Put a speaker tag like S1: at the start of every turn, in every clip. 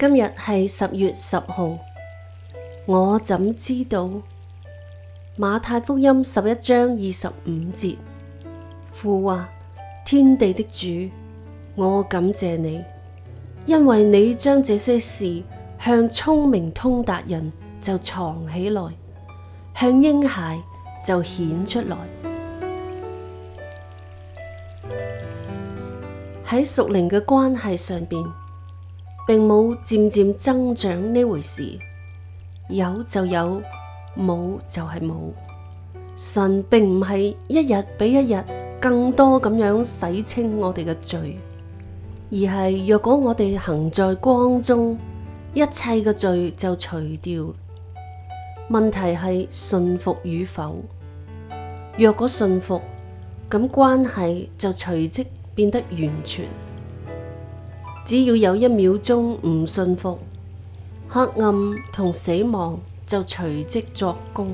S1: 今日係十月十號，我怎知道馬太福音十一章二十五節，父話：天地的主，我感謝你，因為你將這些事向聰明通達人就藏起來，向嬰孩就顯出來。喺屬靈嘅關係上面。並冇漸漸增長呢回事，有就有，冇就係冇。神並唔係一日比一日更多咁樣洗清我哋嘅罪，而係若果我哋行在光中，一切嘅罪就除掉。問題係信服與否。若果信服，咁關係就隨即變得完全。只要有一秒鐘唔信服，黑暗同死亡就隨即作功。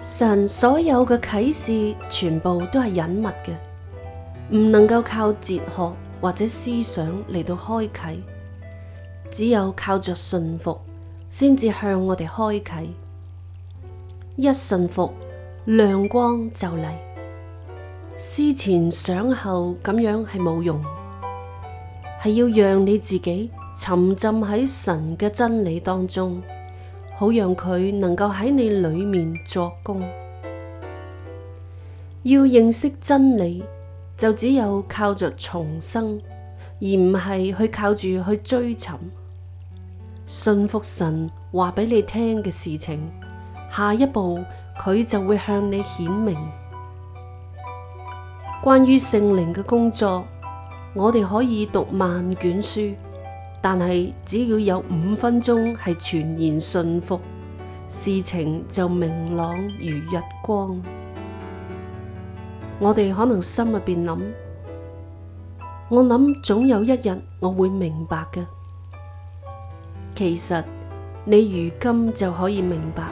S1: 神所有嘅啟示全部都係隱密嘅，唔能夠靠哲學或者思想嚟到開啟，只有靠着信服，先至向我哋開啟。一信服。亮光就嚟，思前想後咁樣係冇用，係要讓你自己沉浸喺神嘅真理當中，好讓佢能夠喺你裏面作功。要認識真理，就只有靠著重生，而唔係去靠住去追尋。信服神話俾你聽嘅事情，下一步。佢就會向你顯明關於聖靈嘅工作。我哋可以讀萬卷書，但係只要有五分鐘係全然信服，事情就明朗如日光。我哋可能心入邊諗，我諗總有一日我會明白嘅。其實你如今就可以明白。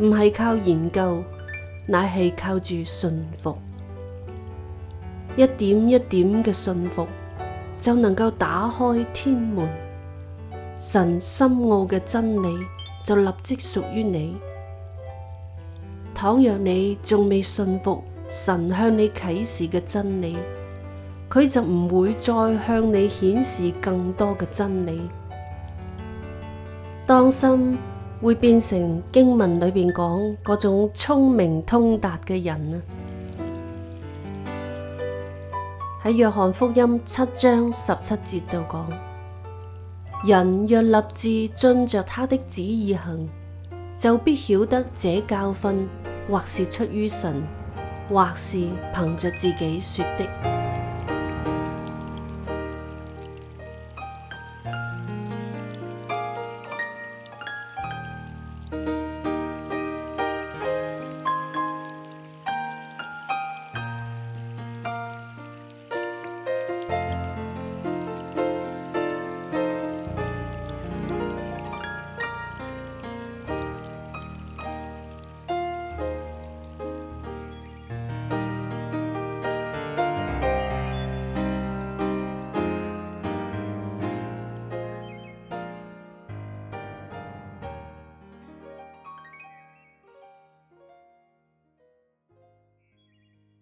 S1: 唔係靠研究，乃係靠住信服。一點一點嘅信服，就能夠打開天門。神深奧嘅真理，就立即屬於你。倘若你仲未信服神向你啟示嘅真理，佢就唔會再向你顯示更多嘅真理。當心！會變成經文裏邊講嗰種聰明通達嘅人啊！喺約翰福音七章十七節度講：人若立志遵着他的旨意行，就必曉得這教訓，或是出於神，或是憑着自己說的。